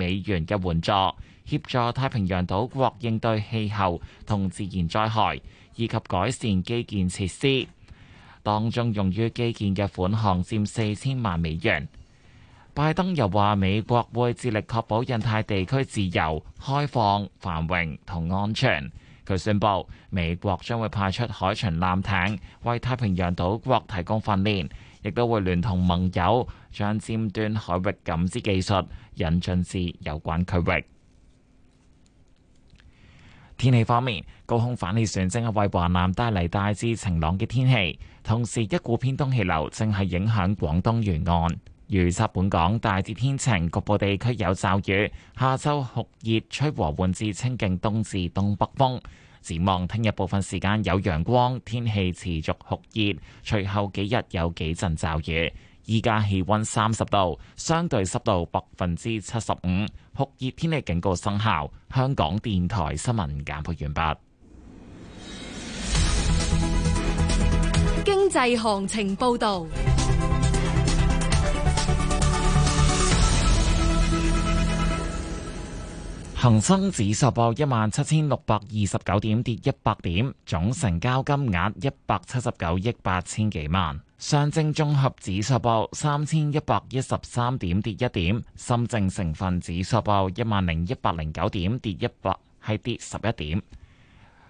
美元嘅援助，協助太平洋島國應對氣候同自然災害，以及改善基建設施。當中用於基建嘅款項佔四千萬美元。拜登又話美國會致力確保印太地區自由、開放、繁榮同安全。佢宣布，美國將會派出海巡艦艇，為太平洋島國提供訓練。亦都會聯同盟友，將尖端海域感知技術引進至有關區域。天氣方面，高空反氣旋正係為華南帶嚟大致晴朗嘅天氣，同時一股偏東氣流正係影響廣東沿岸。預測本港大致天晴，局部地區有驟雨。下晝酷熱，吹和緩至清勁東至東北風。展望聽日部分時間有陽光，天氣持續酷熱，隨後幾日有幾陣驟雨。依家氣温三十度，相對濕度百分之七十五，酷熱天氣警告生效。香港電台新聞簡報完畢。經濟行情報道。恒生指數報一萬七千六百二十九點，跌一百點，總成交金額一百七十九億八千幾萬。上證綜合指數報三千一百一十三點，跌一點。深證成分指數報一萬零一百零九點，跌一百，係跌十一點。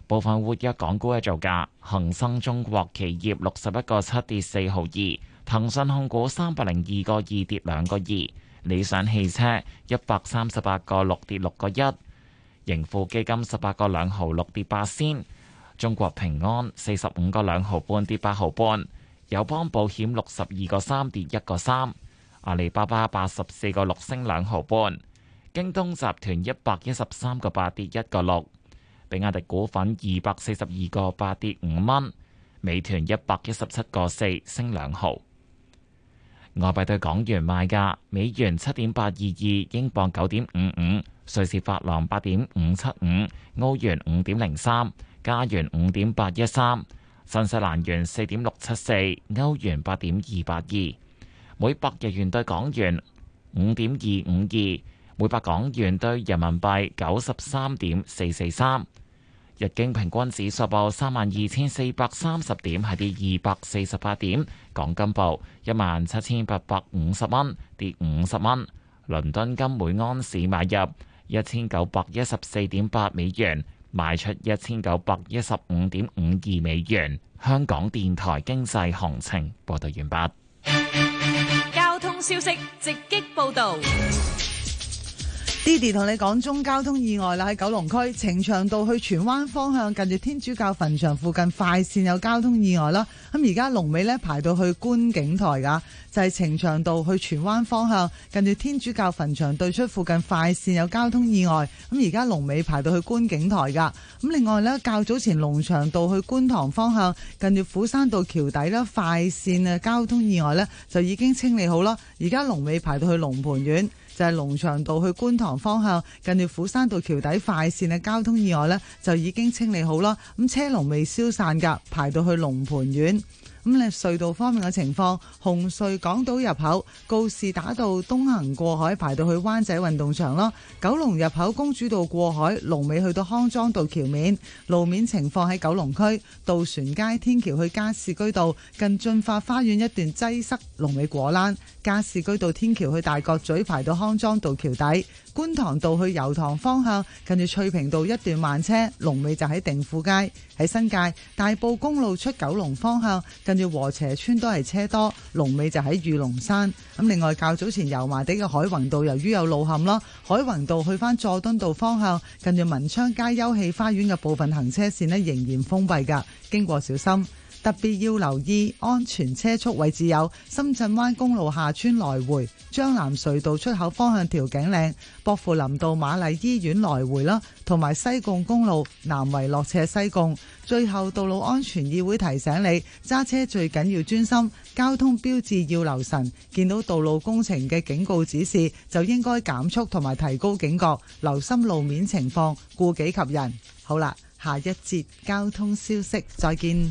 部分活躍港股嘅造價，恒生中國企業六十一個七跌四毫二，騰訊控股三百零二個二跌兩個二。理想汽車一百三十八個六跌六個一，6, 6. 1，盈富基金十八個兩毫六跌八仙，中國平安四十五個兩毫半跌八毫半，友邦保險六十二個三跌一個三，阿里巴巴八十四個六升兩毫半，京東集團一百一十三個八跌一個六，比亞迪股份二百四十二個八跌五蚊，美團一百一十七個四升兩毫。外幣對港元賣價：美元七點八二二，英鎊九點五五，瑞士法郎八點五七五，歐元五點零三，加元五點八一三，新西蘭元四點六七四，歐元八點二八二，每百日元對港元五點二五二，每百港元對人民幣九十三點四四三。日經平均指數報三萬二千四百三十點，係跌二百四十八點。港金報一萬七千八百五十蚊，跌五十蚊。倫敦金每安士買入一千九百一十四點八美元，賣出一千九百一十五點五二美元。香港電台經濟行情報道完畢。交通消息直擊報道。爹哋同你講中交通意外啦，喺九龍區呈祥道去荃灣方向，近住天主教墳場附近快綫有交通意外啦。咁而家龍尾咧排到去觀景台噶，就係呈祥道去荃灣方向，近住天主教墳場對出附近快綫有交通意外。咁而家龍尾排到去觀景台噶。咁另外咧，較早前龍翔道去觀塘方向，近住斧山道橋底咧快綫咧交通意外咧就已經清理好啦。而家龍尾排到去龍蟠苑。就係龍翔道去觀塘方向，近住虎山道橋底快線嘅交通意外呢，就已經清理好咯。咁車龍未消散㗎，排到去龍盤苑。咁你隧道方面嘅情況，紅隧港島入口告士打道東行過海排到去灣仔運動場咯；九龍入口公主道過海龍尾去到康莊道橋面路面情況，喺九龍區渡船街天橋去加士居道近駿發花園一段擠塞龍尾果欄；加士居道天橋去大角咀排到康莊道橋底。觀塘道去油塘方向，近住翠屏道一段慢車，龍尾就喺定富街，喺新界大埔公路出九龍方向，近住禾輋邨，都係車多，龍尾就喺御龍山。咁另外較早前油麻地嘅海泓道，由於有路陷啦，海泓道去翻佐敦道方向，近住文昌街休憩花園嘅部分行車線咧仍然封閉噶，經過小心。特別要留意安全車速位置，有深圳灣公路下村來回、張南隧道出口方向、調景嶺、薄扶林道瑪麗醫院來回啦，同埋西貢公路南圍落斜西貢。最後，道路安全議會提醒你揸車最緊要專心，交通標誌要留神，見到道路工程嘅警告指示就應該減速同埋提高警覺，留心路面情況，顧己及人。好啦，下一節交通消息，再見。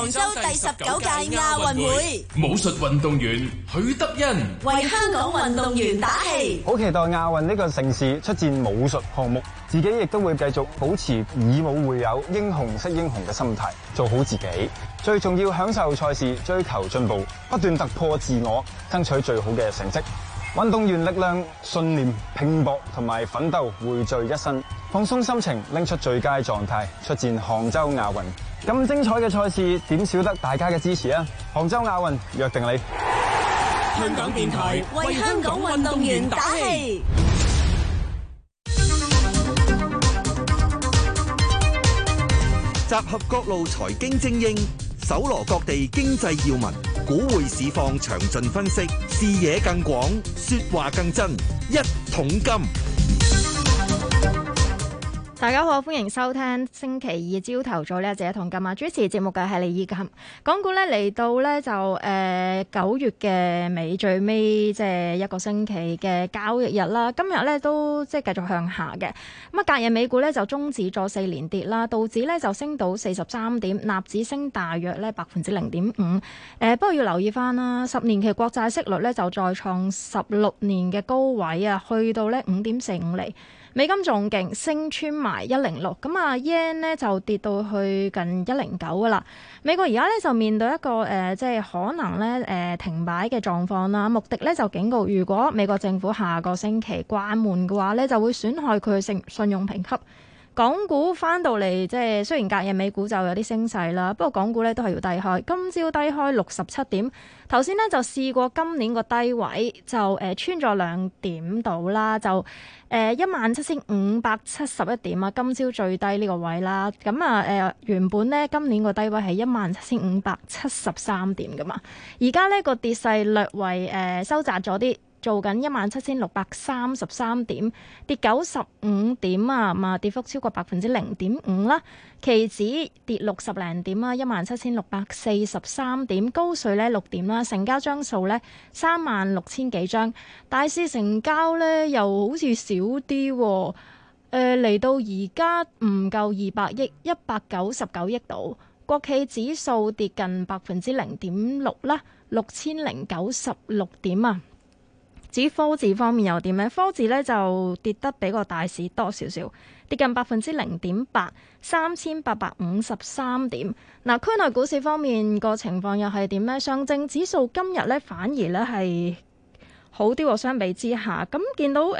杭州第十九屆亞運會武術運動員許德恩為香港運動員打氣，好期待亞運呢個城市出戰武術項目，自己亦都會繼續保持以武會友、英雄識英雄嘅心態，做好自己。最重要享受賽事，追求進步，不斷突破自我，爭取最好嘅成績。運動員力量、信念、拼搏同埋奮鬥匯聚一身，放鬆心情，拎出最佳狀態出戰杭州亞運。咁精彩嘅賽事，點少得大家嘅支持啊！杭州亞運，約定你。香港電台為香港運動員打氣。集合各路財經精英，搜羅各地經濟要聞。股匯市況詳盡分析，視野更廣，説話更真，一桶金。大家好，歡迎收聽星期二朝頭早呢一節一桶金啊！主持節目嘅係李意金。港股呢，嚟到呢就誒九、呃、月嘅尾最尾即係一個星期嘅交易日啦。今日呢都即係繼續向下嘅。咁啊隔日美股呢就終止咗四連跌啦，道指呢就升到四十三點，納指升大約呢百分之零點五。誒、呃、不過要留意翻啦，十年期國債息率呢就再創十六年嘅高位啊，去到呢五點四五厘。美金仲勁，升穿埋一零六，咁啊 yen 呢就跌到去近一零九噶啦。美國而家咧就面對一個誒、呃，即係可能咧誒、呃、停擺嘅狀況啦。穆迪咧就警告，如果美國政府下個星期關門嘅話，咧就會損害佢嘅信信用評級。港股翻到嚟，即係雖然隔夜美股就有啲升勢啦，不過港股咧都係要低開。今朝低開六十七點，頭先咧就試過今年個低位就誒穿咗兩點到啦，就誒一萬七千五百七十一點啊、呃。今朝最低呢個位啦，咁啊誒原本咧今年個低位係一萬七千五百七十三點噶嘛，而家呢個跌勢略為誒、呃、收窄咗啲。做緊一萬七千六百三十三點，跌九十五點啊，啊，跌幅超過百分之零點五啦。期指跌六十零點啦、啊，一萬七千六百四十三點，高水呢六點啦、啊。成交張數呢三萬六千幾張，大市成交呢又好似少啲誒、啊，嚟、呃、到而家唔夠二百億，一百九十九億度。國企指數跌近百分之零點六啦，六千零九十六點啊。指科技方面又點呢？科技呢就跌得比個大市多少少，跌近百分之零點八，三千八百五十三點。嗱、呃，區內股市方面個情況又係點呢？上證指數今日呢反而呢係好啲喎，相比之下。咁見到誒，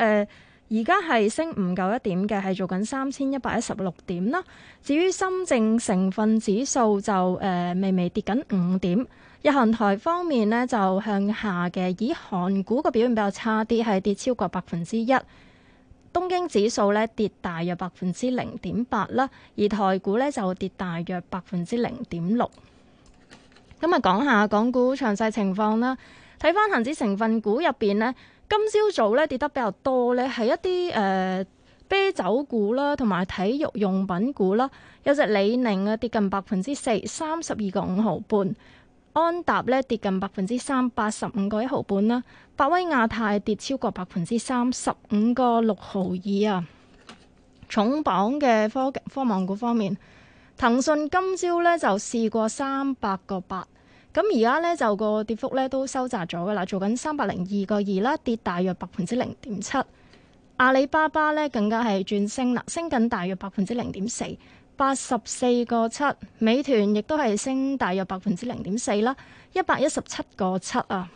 而家係升唔夠一點嘅，係做緊三千一百一十六點啦。至於深證成分指數就誒、呃，微微跌緊五點。日韓台方面呢，就向下嘅。以韓股嘅表現比較差啲，係跌超過百分之一。東京指數呢，跌大約百分之零點八啦，而台股呢，就跌大約百分之零點六。今日講下港股詳細情況啦。睇翻恒指成分股入邊呢，今朝早，早呢，跌得比較多呢，係一啲誒、呃、啤酒股啦，同埋體育用品股啦。有隻李寧啊跌近百分之四，三十二個五毫半。安踏咧跌近百分之三，八十五個一毫半啦。百威亞太跌超過百分之三，十五個六毫二啊。重磅嘅科科網股方面，騰訊今朝咧就試過三百個八，咁而家咧就個跌幅咧都收窄咗噶啦，做緊三百零二個二啦，跌大約百分之零點七。阿里巴巴咧更加係轉升啦，升緊大約百分之零點四。八十四個七，7，美團亦都係升大約百分之零點四啦，一百一十七個七啊。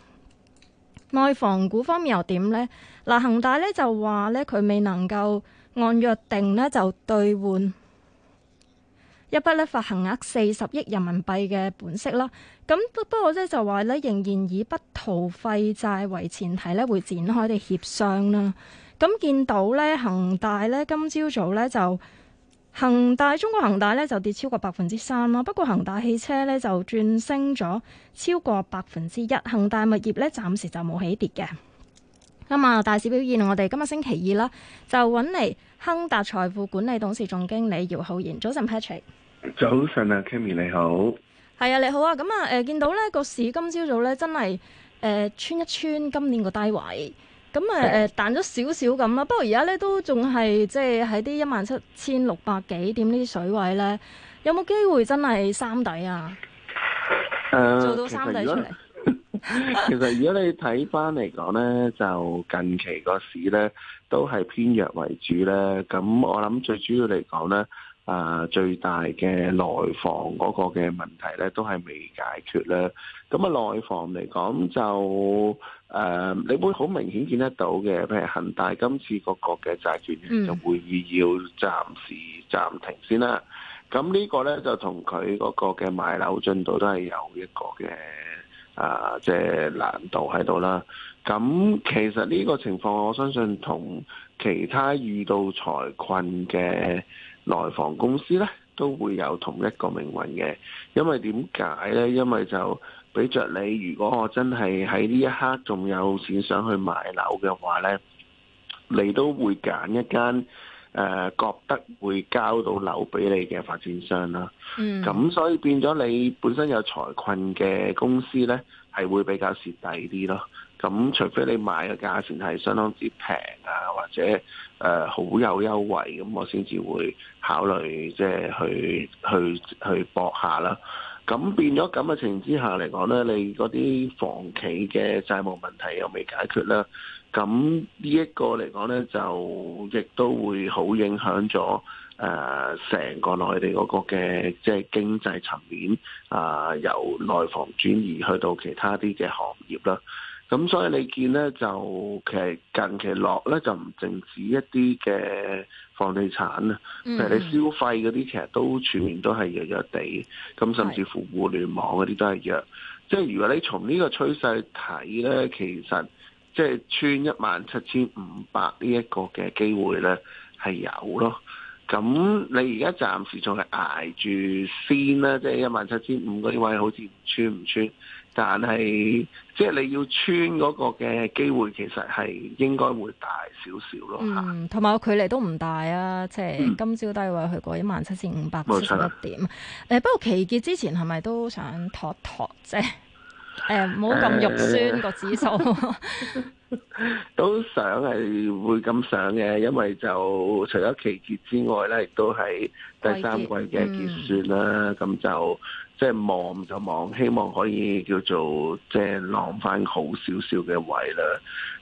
內房股方面又點呢？嗱、啊，恒大咧就話咧佢未能夠按約定咧就兌換一筆咧發行額四十億人民幣嘅本息啦。咁不，不過咧就話咧仍然以不逃廢債為前提咧會展開哋協商啦。咁見到咧恒大咧今朝早咧就，恒大中國，恒大咧就跌超過百分之三啦，不過恒大汽車咧就轉升咗超過百分之一，恒大物業咧暫時就冇起跌嘅。咁、嗯、啊，大市表現，我哋今日星期二啦，就揾嚟亨達財富管理董事總經理姚浩然。早晨 Patrick，早晨啊 Kimmy 你好。係啊，你好啊，咁啊，誒、呃，見到呢個市今朝早咧真係誒、呃、穿一穿今年個低位。咁誒誒彈咗少少咁啦，的不過而家咧都仲係即係喺啲一萬七千六百幾點呢啲水位咧，有冇機會真係三底啊？誒、呃，做到三底出嚟？其實, 其實如果你睇返嚟講咧，就近期個市咧都係偏弱為主咧。咁我諗最主要嚟講咧。啊！最大嘅內房嗰個嘅問題咧，都係未解決咧。咁啊，內房嚟講就誒、呃，你會好明顯見得到嘅，譬如恒大今次嗰個嘅債券、嗯、就會議要暫時暫停先啦。咁呢個咧就同佢嗰個嘅賣樓進度都係有一個嘅啊，即係難度喺度啦。咁其實呢個情況，我相信同其他遇到財困嘅內房公司呢都會有同一個命運嘅，因為點解呢？因為就俾着你，如果我真係喺呢一刻仲有錢想去買樓嘅話呢，你都會揀一間誒、呃、覺得會交到樓畀你嘅發展商啦。咁、嗯、所以變咗你本身有財困嘅公司呢。係會比較蝕底啲咯，咁除非你買嘅價錢係相當之平啊，或者誒好、呃、有優惠，咁我先至會考慮，即係去去去搏下啦。咁變咗咁嘅情形之下嚟講呢，你嗰啲房企嘅債務問題又未解決啦，咁呢一個嚟講呢，就亦都會好影響咗。誒，成、呃、個內地嗰個嘅即係經濟層面啊、呃，由內房轉移去到其他啲嘅行業啦。咁所以你見咧，就其實近期落咧就唔淨止一啲嘅房地產啊，其實你消費嗰啲其實都全面都係弱弱地，咁甚至乎互聯網嗰啲都係弱。是即係如果你從呢個趨勢睇咧，其實即係穿一萬七千五百呢一個嘅機會咧係有咯。咁你而家暫時仲係挨住先啦、啊，即係一萬七千五嗰啲位好似穿唔穿，但係即係你要穿嗰個嘅機會其實係應該會大少少咯。嗯，同埋個距離都唔大啊，即係今朝低位去過一萬七千五百七十一點。誒、嗯欸，不過期結之前係咪都想托拖即誒，唔好咁、哎、肉酸個指數， 都想係會咁想嘅，因為就除咗期結之外咧，亦都係第三季嘅結算啦，咁、嗯、就。即係望就望，希望可以叫做即係浪翻好少少嘅位啦。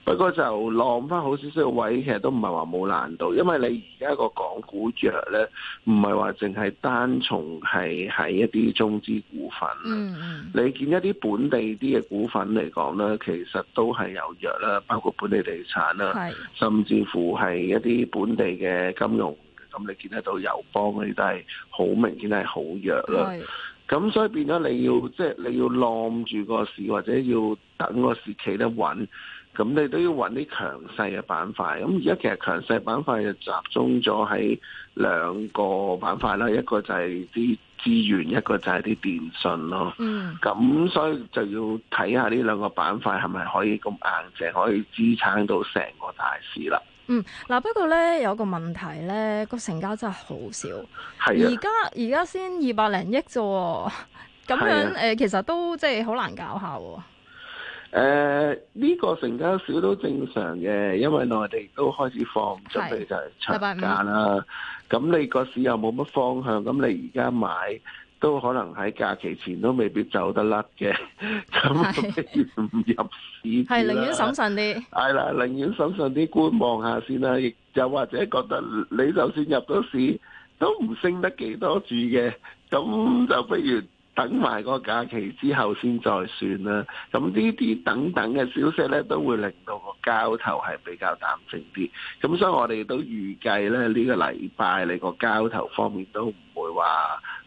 不過就浪翻好少少嘅位，其實都唔係話冇難度，因為你而家個港股弱咧，唔係話淨係單從係喺一啲中資股份。Mm hmm. 你見一啲本地啲嘅股份嚟講咧，其實都係有弱啦，包括本地地產啦，mm hmm. 甚至乎係一啲本地嘅金融，咁你見得到友邦嗰啲都係好明顯係好弱啦。咁所以變咗你要即係、就是、你要攬住個市，或者要等個市企得穩，咁你都要揾啲強勢嘅板塊。咁而家其實強勢板塊就集中咗喺兩個板塊啦，一個就係啲資源，一個就係啲電信咯。嗯，咁所以就要睇下呢兩個板塊係咪可以咁硬淨可以支撐到成個大市啦。嗯，嗱，不過咧有個問題咧，個成交真係好少，啊、而家而家先二百零億啫，咁樣誒、啊呃，其實都即係好難搞下喎。誒、呃，呢、這個成交少都正常嘅，因為內地都開始放唔出嚟就係長假啦。咁你個市又冇乜方向，咁你而家買？都可能喺假期前都未必走得甩嘅，咁就不如唔入市，係寧願審慎啲。係啦，寧願審慎啲觀望下先啦。亦又或者覺得你就算入咗市，都唔升得幾多住嘅，咁就不如等埋個假期之後先再算啦。咁呢啲等等嘅消息咧，都會令到個交投係比較淡靜啲。咁所以我哋都預計咧，呢個禮拜你個交投方面都唔會話。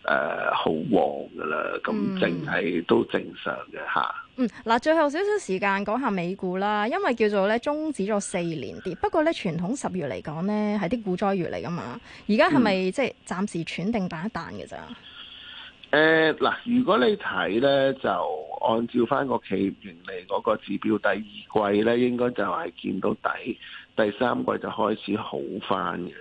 誒，好、uh, 旺噶啦，咁淨係都正常嘅。吓。嗯，嗱哈，最後少少時間講下美股啦，因為叫做咧終止咗四年跌，不過咧傳統十月嚟講咧係啲股災月嚟噶嘛，是是嗯、蛋蛋而家係咪即係暫時喘定彈一彈嘅咋？誒、嗯，嗱、呃，如果你睇咧，就按照翻個企業盈利嗰個指標，第二季咧應該就係見到底，第三季就開始好翻嘅。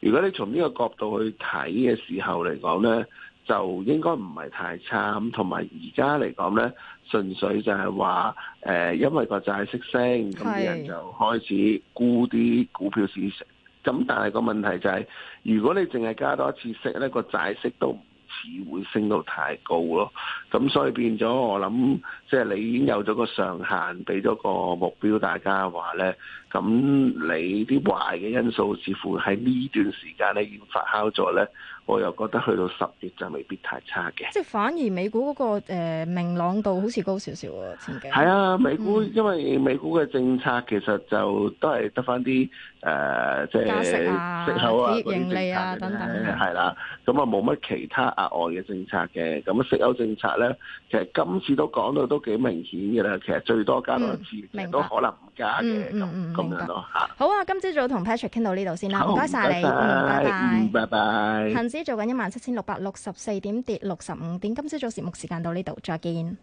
如果你從呢個角度去睇嘅時候嚟講咧。就應該唔係太差，同埋而家嚟講呢，純粹就係話誒，因為個債息升，咁啲是人就開始沽啲股票市場。咁但係個問題就係、是，如果你淨係加多一次息呢、個債息都唔似會升到太高咯。咁所以變咗我諗，即、就、係、是、你已經有咗個上限，俾咗個目標大家話呢。咁你啲壞嘅因素似乎喺呢段時間咧已經發酵咗咧，我又覺得去到十月就未必太差嘅。即係反而美股嗰、嗰個、呃、明朗度好似高少少喎，前景。係啊，美股、嗯、因為美股嘅政策其實就都係得返啲誒，即係、啊、息口啊盈利啊等等。係啦、啊，咁啊冇乜其他額外嘅政策嘅。咁息口政策咧，其實今次都講到都幾明顯嘅啦。其實最多加多一次，都可能唔加嘅。嗯，嗯，嗯，嗯嗯嗯、拜拜好啊！今朝早同 Patrick 傾到呢度先啦，唔該晒你，拜拜，拜拜。恒指做緊一萬七千六百六十四點，跌六十五點。今朝早節目時間到呢度，再見。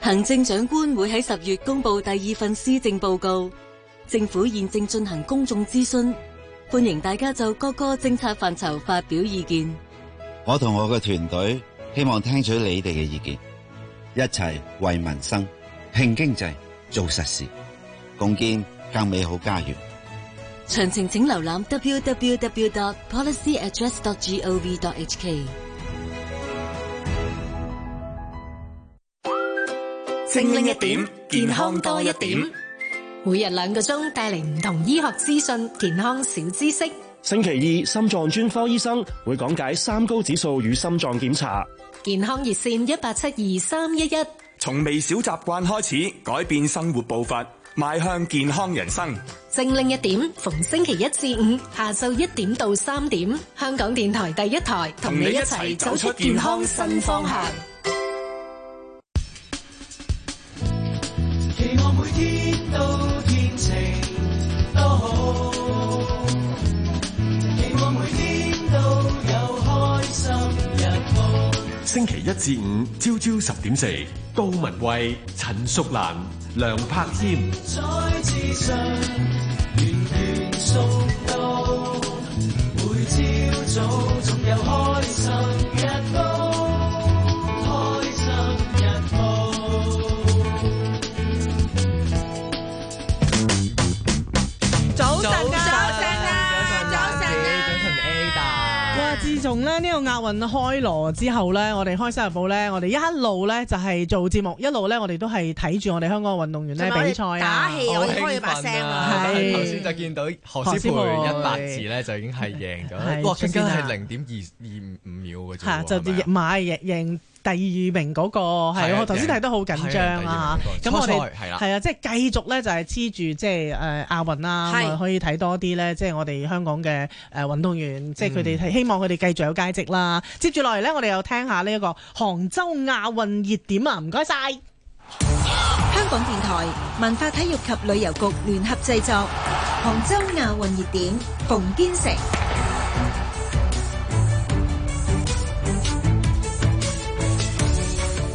行政長官會喺十月公布第二份施政報告，政府現正進行公眾諮詢，歡迎大家就各個政策範疇發表意見。我同我嘅團隊希望聽取你哋嘅意見，一齊為民生、拼經濟、做實事。共建更美好家園。詳情請瀏覽 www.policyaddress.gov.hk。精靈一點，健康多一點。每日兩個鐘，帶嚟唔同醫學資訊、健康小知識。星期二，心臟專科醫生會講解三高指數與心臟檢查。健康熱線一八七二三一一。從微小習慣開始，改變生活步伐。邁向健康人生，精靈一點，逢星期一至五下晝一點到三點，香港電台第一台同你一齊走出健康新方向。星期一至五朝朝十點四，杜文慧、陳淑蘭、梁柏謙。自從咧呢個亞運開鑼之後咧，我哋開新日報咧，我哋一路咧就係做節目，一路咧我哋都係睇住我哋香港嘅運動員咧比賽，打氣，我哋開咗把聲啊！頭先對就見到何詩蓓一百字咧就已經係贏咗，哇！僅僅係零點二二五秒嘅啫喎，對吧就贏買贏第二名嗰、那個係的我頭先睇得好緊張啊！咁、那個、我哋係啊，即係、就是、繼續咧就係黐住即係誒亞運啦，的可以睇多啲咧，即、就、係、是、我哋香港嘅誒運動員，即係佢哋係希望佢哋繼續有佳績啦。接住落嚟咧，我哋又聽下呢一個杭州亞運熱點啊！唔該晒，香港電台文化體育及旅遊局聯合製作《杭州亞運熱點》，馮堅成。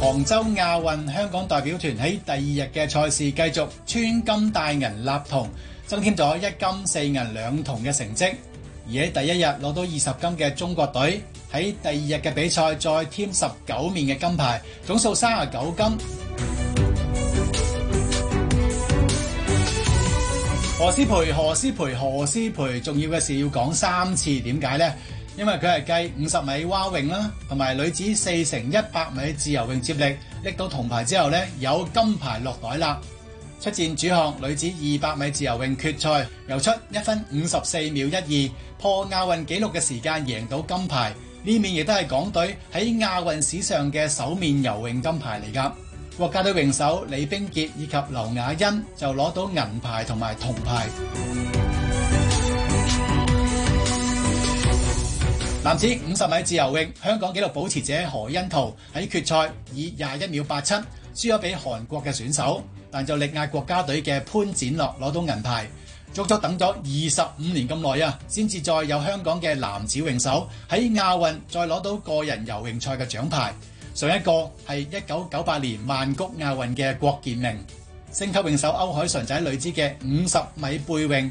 杭州亞運香港代表團喺第二日嘅賽事繼續穿金戴銀立銅，增添咗一金四銀兩銅嘅成績。而喺第一日攞到二十金嘅中國隊喺第二日嘅比賽再添十九面嘅金牌，總數三十九金。何詩蓓，何詩蓓，何詩蓓，重要嘅事要講三次，點解呢？因為佢係繼五十米蛙泳啦，同埋女子四乘一百米自由泳接力拎到銅牌之後呢，有金牌落袋啦。出戰主項女子二百米自由泳決賽，游出一分五十四秒一二，破亞運紀錄嘅時間，贏到金牌。呢面亦都係港隊喺亞運史上嘅首面游泳金牌嚟㗎。國家隊泳手李冰潔以及劉雅欣就攞到銀牌同埋銅牌。男子五十米自由泳，香港紀錄保持者何恩濤喺決賽以廿一秒八七輸咗俾韓國嘅選手，但就力壓國家隊嘅潘展樂攞到銀牌，足足等咗二十五年咁耐啊，先至再有香港嘅男子泳手喺亞運再攞到個人游泳賽嘅獎牌。上一個係一九九八年曼谷亞運嘅郭建明，星級泳手歐鎧淳仔女子嘅五十米背泳。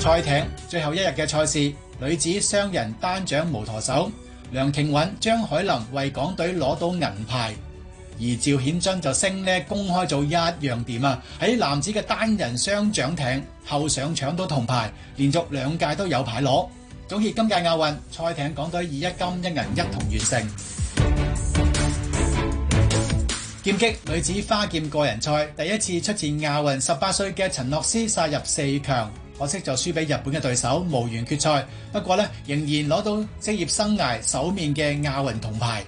賽艇最後一日嘅賽事，女子雙人單槳無舵手，梁廷允、張海琳為港隊攞到銀牌，而趙顯真就升呢公開做一樣點啊！喺男子嘅單人雙槳艇後上搶到銅牌，連續兩屆都有牌攞。總結今屆亞運賽艇港隊以一金一銀一同完成。劍擊 女子花劍個人賽第一次出戰亞運，十八歲嘅陳諾思殺入四強。可惜就輸俾日本嘅對手無緣決賽，不過呢，仍然攞到職業生涯首面嘅亞運銅牌。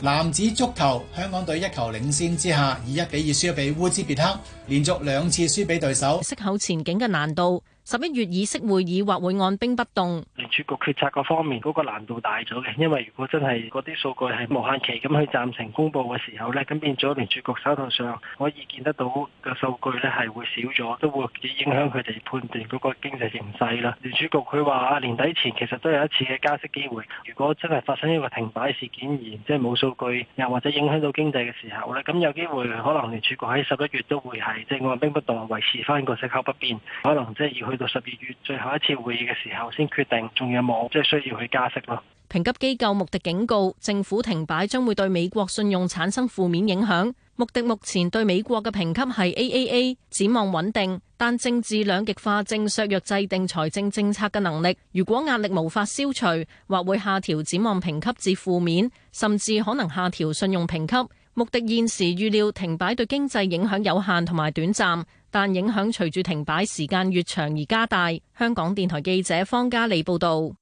男子足球香港隊一球領先之下，以一比二輸俾烏茲別克，連續兩次輸俾對手。息口前景嘅難度。十一月議息會議或會按兵不動，聯儲局決策個方面嗰個難度大咗嘅，因為如果真係嗰啲數據係無限期咁去暫停公布嘅時候咧，咁變咗聯儲局手頭上可以見得到嘅數據咧係會少咗，都會影響佢哋判斷嗰個經濟形勢啦。聯儲局佢話啊，年底前其實都有一次嘅加息機會，如果真係發生一個停擺事件而即係冇數據又或者影響到經濟嘅時候咧，咁有機會可能聯儲局喺十一月都會係即係按兵不動維持翻個息口不變，可能即係要去。到十二月最後一次會議嘅時候先決定，仲有冇即係需要去加息咯？評級機構穆迪警告，政府停擺將會對美國信用產生負面影響。穆迪目前對美國嘅評級係 AAA，展望穩定，但政治兩極化正削弱制定財政政策嘅能力。如果壓力無法消除，或會下調展望評級至負面，甚至可能下調信用評級。穆迪現時預料停擺對經濟影響有限同埋短暫。但影響隨住停擺時間越長而加大。香港電台記者方嘉莉報道。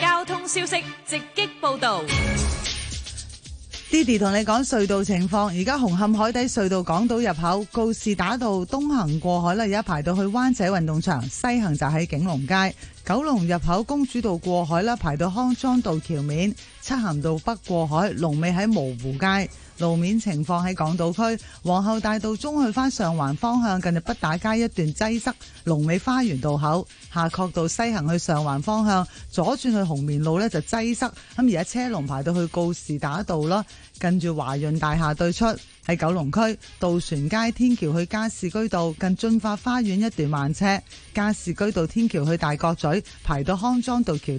交通消息直擊報道。Diddy 同你講隧道情況，而家紅磡海底隧道港島入口告士打道東行過海啦，而家排到去灣仔運動場；西行就喺景隆街。九龍入口公主道過海啦，排到康莊道橋面；漆咸道北過海，龍尾喺蕪湖街路面。情況喺港島區皇后大道中去返上環方向，近畢打街一段擠塞，龍尾花園道口，夏愨道西行去上環方向左轉去紅棉路呢就擠塞，咁而家車龍排到去告士打道啦。跟住華潤大廈對出，喺九龍區渡船街天橋去加士居道近駿發花園一段慢車，加士居道天橋去大角咀排到康莊道橋底。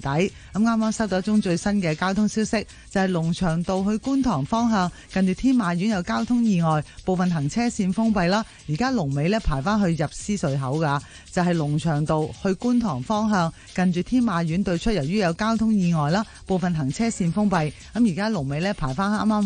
咁啱啱收到一宗最新嘅交通消息，就係龍翔道去觀塘方向近住天馬苑有交通意外，部分行車線封閉啦。而家龍尾咧排翻去入獅隧口噶，就係龍翔道去觀塘方向近住天馬苑對出，由於有交通意外啦，部分行車線封閉。咁而家龍尾咧排翻啱啱。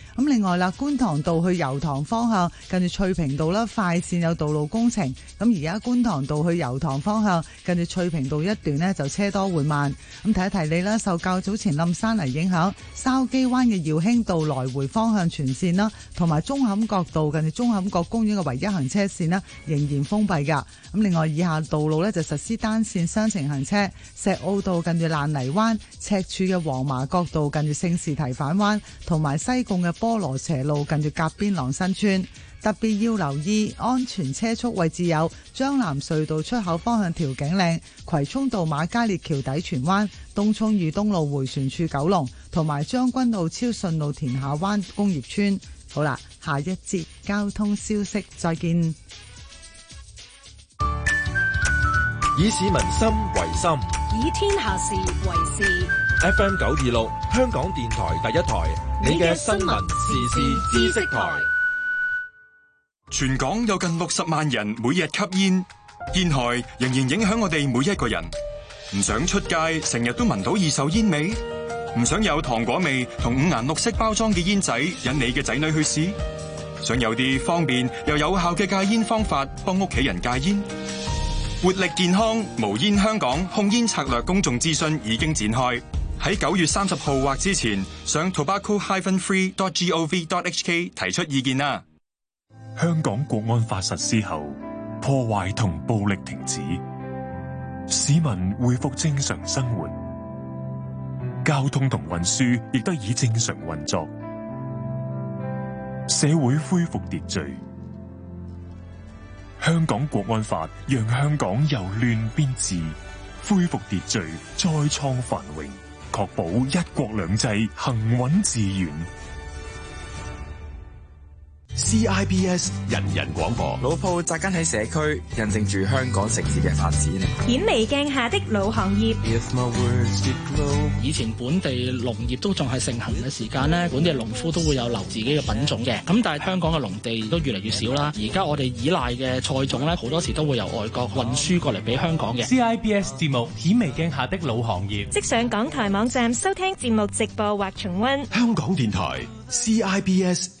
咁另外啦，觀塘道去油塘方向，近住翠屏道啦，快綫有道路工程。咁而家觀塘道去油塘方向，近住翠屏道一段呢，就車多會慢。咁提一提你啦，受較早前冧山泥影響，筲箕灣嘅耀興道來回方向全綫啦，同埋中磡角道近住中磡角公園嘅唯一行車綫啦，仍然封閉噶。咁另外以下道路呢，就實施單綫雙程行車。石澳道近住爛泥灣，赤柱嘅黃麻角道近住聖士提反灣，同埋西貢嘅。菠蘿斜路近住甲邊朗新村，特別要留意安全車速，位置有將藍隧道出口方向調景嶺、葵涌道馬嘉烈橋底荃灣、東涌裕東路回旋處九龍，同埋將軍澳超順路田下灣工業村。好啦，下一節交通消息再見。以市民心為心，以天下事為事。FM 九二六，香港電台第一台，你嘅新聞時事知識台。全港有近六十萬人每日吸煙，煙害仍然影響我哋每一個人。唔想出街成日都聞到二手煙味，唔想有糖果味同五顏六色包裝嘅煙仔引你嘅仔女去試，想有啲方便又有效嘅戒煙方法幫屋企人戒煙。活力健康無煙香港控煙策略公眾諮詢已經展開。喺九月三十號或之前上 tobacco-hyphen-free.dot.gov.dot.hk 提出意見啦。香港國安法實施後，破壞同暴力停止，市民恢復正常生活，交通同運輸亦得以正常運作，社會恢復秩序。香港國安法讓香港由亂變治，恢復秩序，再創繁榮。確保一國兩制行穩致遠。CIBS 人人廣播老鋪扎根喺社區，印證住香港城市嘅發展。顯微鏡下的老行業。Grow, 以前本地農業都仲係盛行嘅時間咧，本地農夫都會有留自己嘅品種嘅。咁但係香港嘅農地都越嚟越少啦。而家我哋依賴嘅菜種咧，好多時都會由外國運輸過嚟俾香港嘅。CIBS 節目顯微鏡下的老行業，即上港台網站收聽節目直播或重温。香港電台 CIBS。C I B S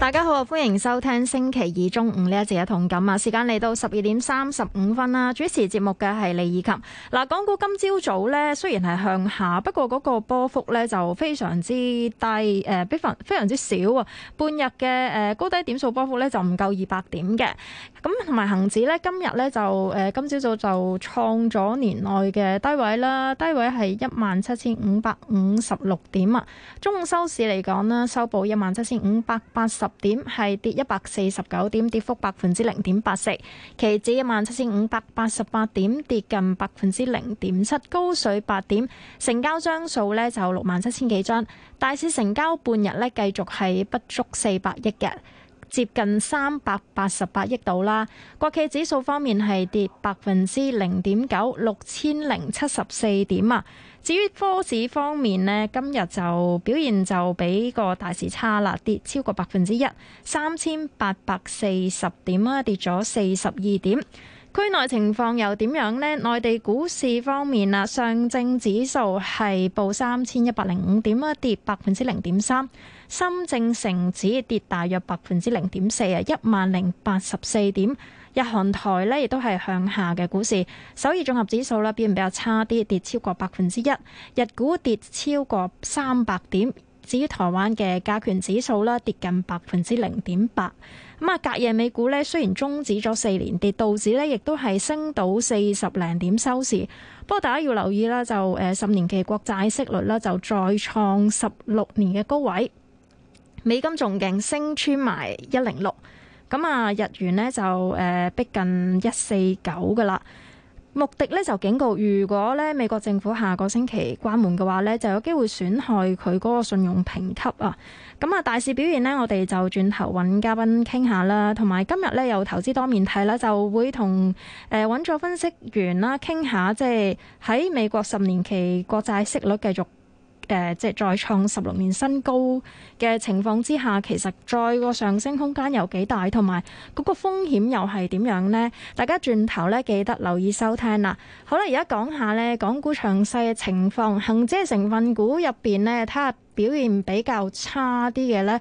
大家好，歡迎收聽星期二中午呢一節嘅同感啊！時間嚟到十二點三十五分啦。主持節目嘅係李以琴。嗱，港股今朝早呢，雖然係向下，不過嗰個波幅呢就非常之低，誒、呃，非常之少啊。半日嘅誒高低點數波幅呢就唔夠二百點嘅。咁同埋恒指呢、呃，今日呢就誒今朝早就創咗年內嘅低位啦，低位係一萬七千五百五十六點啊。中午收市嚟講呢收報一萬七千五百八十。點係跌一百四十九點，跌幅百分之零點八四。期指一萬七千五百八十八點，跌近百分之零點七，高水八點。成交張數呢就六萬七千幾張。大市成交半日呢，繼續係不足四百億嘅，接近三百八十八億度啦。國企指數方面係跌百分之零點九，六千零七十四點啊。至於科指方面咧，今日就表現就比個大市差啦，跌超過百分之一，三千八百四十點啦，跌咗四十二點。區內情況又點樣呢？內地股市方面啊，上證指數係報三千一百零五點啦，跌百分之零點三；深證成指跌大約百分之零點四啊，一萬零八十四點。日韓台咧，亦都係向下嘅股市。首爾綜合指數呢，表現比較差啲，跌超過百分之一。日股跌超過三百點。至於台灣嘅加權指數咧，跌近百分之零點八。咁啊，隔夜美股呢，雖然終止咗四年跌，道指呢，亦都係升到四十零點收市。不過大家要留意啦，就誒十年期國債息率咧，就再創十六年嘅高位。美金仲勁升穿埋一零六。咁啊，日元呢就誒逼近一四九嘅啦。穆迪呢就警告，如果咧美國政府下個星期關門嘅話呢，就有機會損害佢嗰個信用評級啊。咁、嗯、啊，大市表現呢，我哋就轉頭揾嘉賓傾下啦。同埋今日呢，有投資多面睇啦，就會同誒揾咗分析員啦傾下，即係喺美國十年期國債息率繼續。誒，即係再創十六年新高嘅情況之下，其實再個上升空間有幾大，同埋嗰個風險又係點樣呢？大家轉頭咧，記得留意收聽啦。好啦，而家講下咧，港股詳細嘅情況，恒指成分股入邊呢，睇下表現比較差啲嘅呢。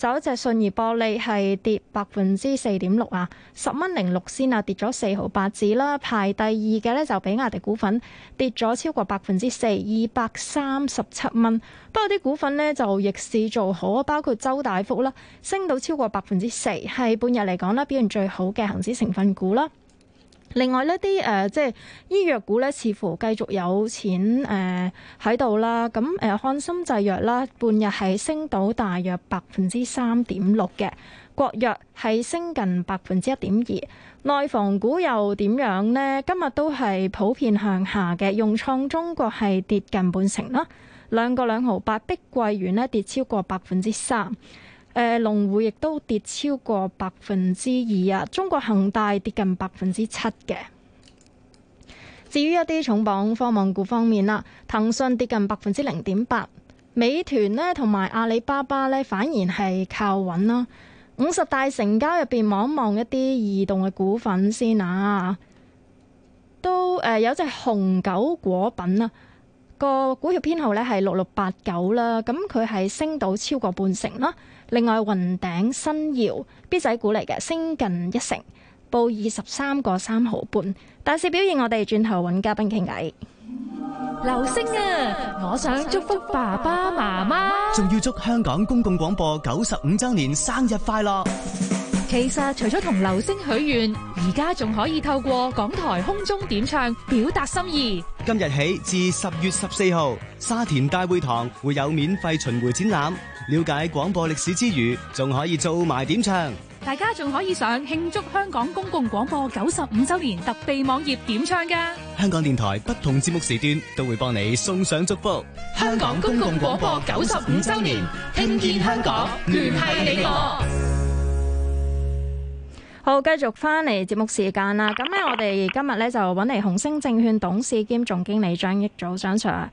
就一隻信義玻璃係跌百分之四點六啊，十蚊零六仙啊，跌咗四毫八子啦。排第二嘅呢，就比亞迪股份跌咗超過百分之四，二百三十七蚊。不過啲股份呢，就逆市做好，包括周大福啦，升到超過百分之四，係半日嚟講啦，表現最好嘅恆指成分股啦。另外呢啲誒，即係醫藥股咧，似乎繼續有錢誒喺度啦。咁、呃、誒，漢森製藥啦，半日係升到大約百分之三點六嘅，國藥係升近百分之一點二。內房股又點樣呢？今日都係普遍向下嘅，融創中國係跌近半成啦，兩個兩毫八，碧桂園咧跌超過百分之三。誒，龍湖、呃、亦都跌超過百分之二啊。中國恒大跌近百分之七嘅。至於一啲重磅科網股方面啦，騰訊跌近百分之零點八，美團咧同埋阿里巴巴咧反而係靠穩啦、啊。五十大成交入邊望一望一啲異動嘅股份先啊，都誒、呃、有隻洪九果品啦、啊，個股票編號咧係六六八九啦，咁佢係升到超過半成啦、啊。另外，雲頂新耀 B 仔股嚟嘅，升近一成，報二十三個三毫半。大市表現，我哋轉頭揾嘉賓傾偈。流星啊，我想祝福爸爸媽媽，仲要祝香港公共廣播九十五週年生日快樂。其實，除咗同流星許願，而家仲可以透過港台空中點唱表達心意。今日起至十月十四號，沙田大會堂會有免費巡迴展覽。了解廣播歷史之餘，仲可以做埋點唱。大家仲可以上慶祝香港公共廣播九十五周年特備網頁點唱噶。香港電台不同節目時段都會幫你送上祝福。香港公共廣播九十五周年，聽見香港，聯繫你我。好，繼續翻嚟節目時間啦。咁呢，我哋今日呢就搵嚟紅星證券董事兼總經理張益祖張 Sir。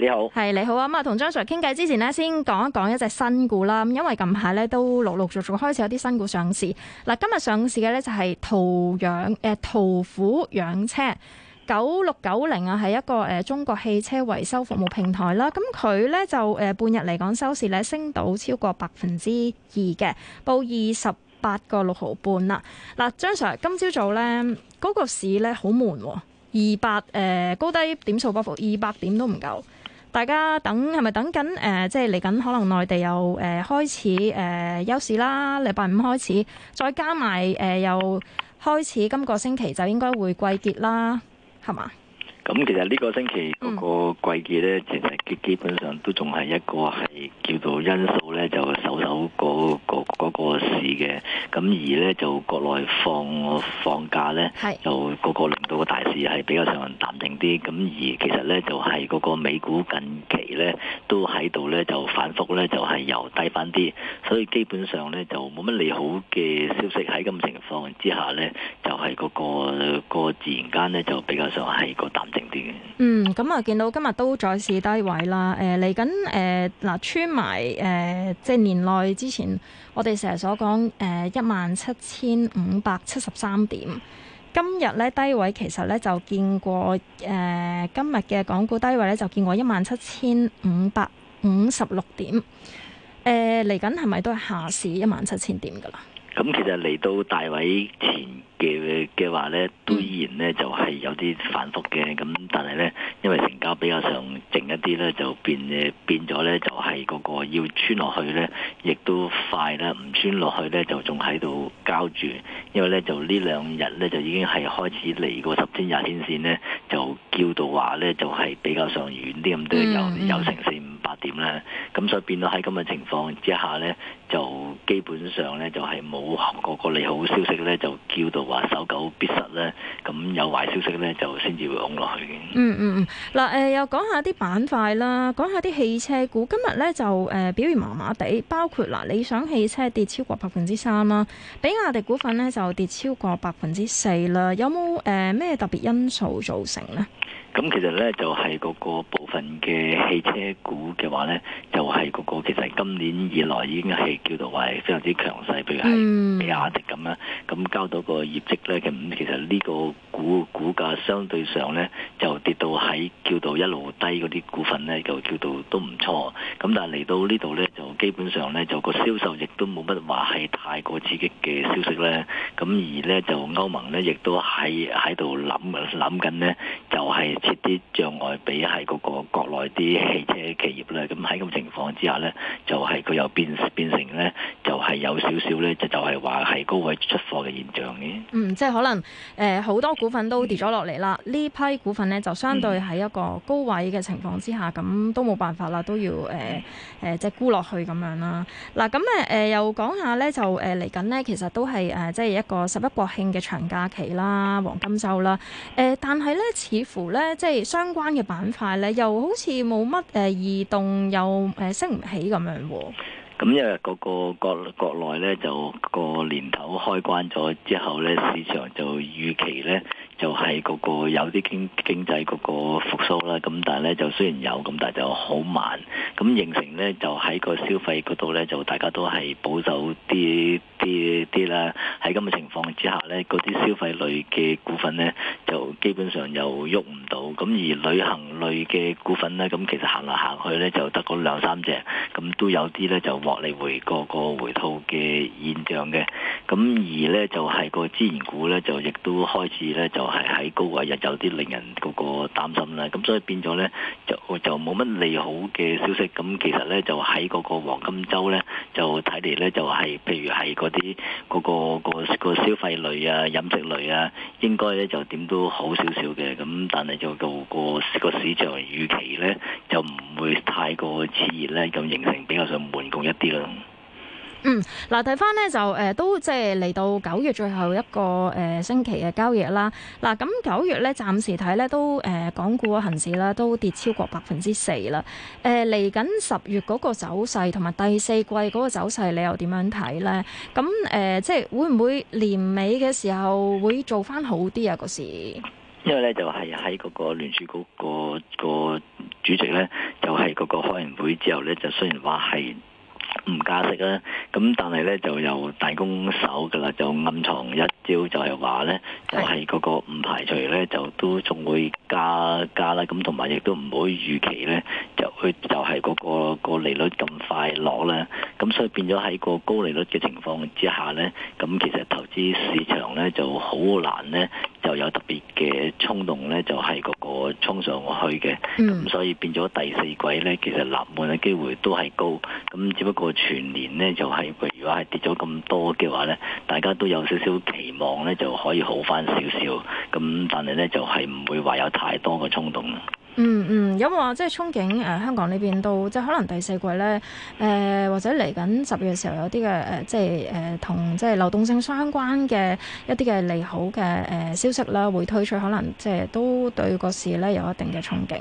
你好，係你好啊！咁啊，同張 Sir 傾偈之前咧，先講一講一隻新股啦。因為近排咧都陸陸續續開始有啲新股上市。嗱，今日上市嘅咧就係途養誒途虎養車九六九零啊，係一個誒中國汽車維修服務平台啦。咁佢咧就誒半日嚟講收市咧升到超過百分之二嘅，報二十八個六毫半啦。嗱，張 Sir，今朝早咧嗰個市咧好悶，二百誒高低點數波幅二百點都唔夠。大家等係咪等緊誒、呃、即係嚟緊可能內地又誒、呃、開始誒、呃、休市啦。禮拜五開始，再加埋誒又開始，今個星期就應該會季結啦，係嘛？咁其實呢個星期嗰個季節咧，嗯、其實基基本上都仲係一個係叫做因素咧，就首首、嗰個個嗰、嗰個市嘅。咁而咧就國內放放假咧，就個個輪到個大市係比較上淡定啲。咁而其實咧就係、係、嗰個美股近期咧都喺度咧就反覆咧就係由低翻啲，所以基本上咧就冇乜利好嘅消息，喺咁情況之下咧，就係、係、嗰、嗰個嗰個自然間咧就比較上係個淡。嗯，咁、嗯、啊，見到今日都再試低位啦。誒、呃，嚟緊誒，嗱、呃，穿、啊、埋誒，即、呃、係、就是、年內之前我，我哋成日所講誒一萬七千五百七十三點，今日咧低位其實咧就見過誒、呃，今日嘅港股低位咧就見過一萬七千五百五十六點。誒、呃，嚟緊係咪都係下市一萬七千點噶啦？咁、嗯、其實嚟到大位前。嘅嘅、嗯嗯、話咧，都依然咧就係、是、有啲反覆嘅，咁但係咧，因為成交比較上靜一啲咧，就變誒變咗咧，就係個要穿落去咧，亦都快啦，唔穿落去咧就仲喺度膠住，因為咧就呢兩日咧就已經係開始離個十天廿天綫咧，就叫到話咧就係、是、比較上遠啲咁都有有成四五百點啦，咁所以變到喺咁嘅情況之下咧，就基本上咧就係冇個利好消息咧，就叫到。話守狗必失呢，咁有壞消息呢，就先至會湧落去嘅。嗯嗯嗯，嗱，誒又講下啲板塊啦，講下啲汽車股。今日呢，就誒表現麻麻地，包括嗱，理想汽車跌超過百分之三啦，比亞迪股份呢，就跌超過百分之四啦。有冇誒咩特別因素造成呢？咁其實呢，就係嗰個部分嘅汽車股嘅話呢，就係嗰個其實今年以來已經係叫做話係非常之強勢，比如係比亞迪咁啦，咁交到個。業績咧咁，其實呢個股股價相對上咧，就跌到喺叫到一路低嗰啲股份咧，就叫到都唔錯。咁但係嚟到呢度咧，就基本上咧，就個銷售亦都冇乜話係太過刺激嘅消息咧。咁而咧就歐盟咧，亦都喺喺度諗諗緊咧，就係設啲障礙俾係嗰個國內啲汽車企業咧。咁喺咁情況之下咧，就係佢又變變成咧，就係有少少咧，就就係話係高位出貨嘅現象嘅。嗯，即係可能，誒、呃、好多股份都跌咗落嚟啦。呢批股份呢，就相對喺一個高位嘅情況之下，咁、嗯、都冇辦法啦，都要誒誒、呃呃、即係沽落去咁樣啦。嗱、啊，咁誒誒又講下呢，就誒嚟緊呢，其實都係誒即係一個十一國慶嘅長假期啦，黃金周啦。誒、呃，但係呢，似乎呢，即係相關嘅板塊呢，又好似冇乜誒異動，又誒升唔起咁樣喎。咁因為個個國國內咧就個年頭開關咗之後咧，市場就預期咧。就係嗰個有啲經經濟嗰個復甦啦，咁但係咧就雖然有，咁但係就好慢。咁形成咧就喺個消費嗰度咧，就大家都係保守啲啲啲啦。喺咁嘅情況之下咧，嗰啲消費類嘅股份咧就基本上又喐唔到。咁而旅行類嘅股份咧，咁其實行嚟行去咧就得個兩三隻，咁都有啲咧就獲利回個個回吐嘅現象嘅。咁而咧就係個資源股咧就亦都開始咧就。係喺高位又有啲令人嗰個擔心啦，咁所以變咗呢，就就冇乜利好嘅消息，咁其實呢，就喺嗰個黃金周呢，就睇嚟呢，就係、是、譬如係嗰啲嗰個個、那個消費類啊、飲食類啊，應該呢就點都好少少嘅，咁但係就到個、那個市場預期呢，就唔會太過熾熱呢，咁形成比較上慢供一啲啦。嗯，嗱睇翻咧就誒、呃，都即係嚟到九月最後一個誒、呃，星期嘅交易啦。嗱咁九月咧暫時睇咧都誒、呃，港股嘅恆指咧都跌超過百分之四啦。誒、呃，嚟緊十月嗰個走勢同埋第四季嗰個走勢，走勢你又點樣睇咧？咁誒、呃，即係會唔會年尾嘅時候會做翻好啲啊個市？因為咧就係喺嗰個聯儲局個個主席咧，就係、是、嗰個開完會之後咧，就雖然話係。唔加息啦，咁但係咧就有大攻手噶啦，就暗藏一招就係話咧，就係嗰個唔排除咧就都仲會加加啦，咁同埋亦都唔會預期咧就去就係嗰、嗰個、嗰個利率咁快落啦，咁所以變咗喺個高利率嘅情況之下咧，咁其實投資市場咧就好難咧就有特別嘅衝動咧就係、是、個個衝上去嘅，咁所以變咗第四季咧其實立滿嘅機會都係高，咁只不。個全年呢就係、是，如果係跌咗咁多嘅話呢，大家都有少少期望呢就可以好翻少少。咁但係呢就係、是、唔會話有太多嘅衝動咯。嗯嗯，有冇話即係憧憬？誒、呃，香港呢邊都？即、就、係、是、可能第四季呢，誒、呃、或者嚟緊十月嘅時候有啲嘅誒，即係誒同即係流動性相關嘅一啲嘅利好嘅誒、呃、消息啦，會推出，可能即係都對個市呢有一定嘅憧憬。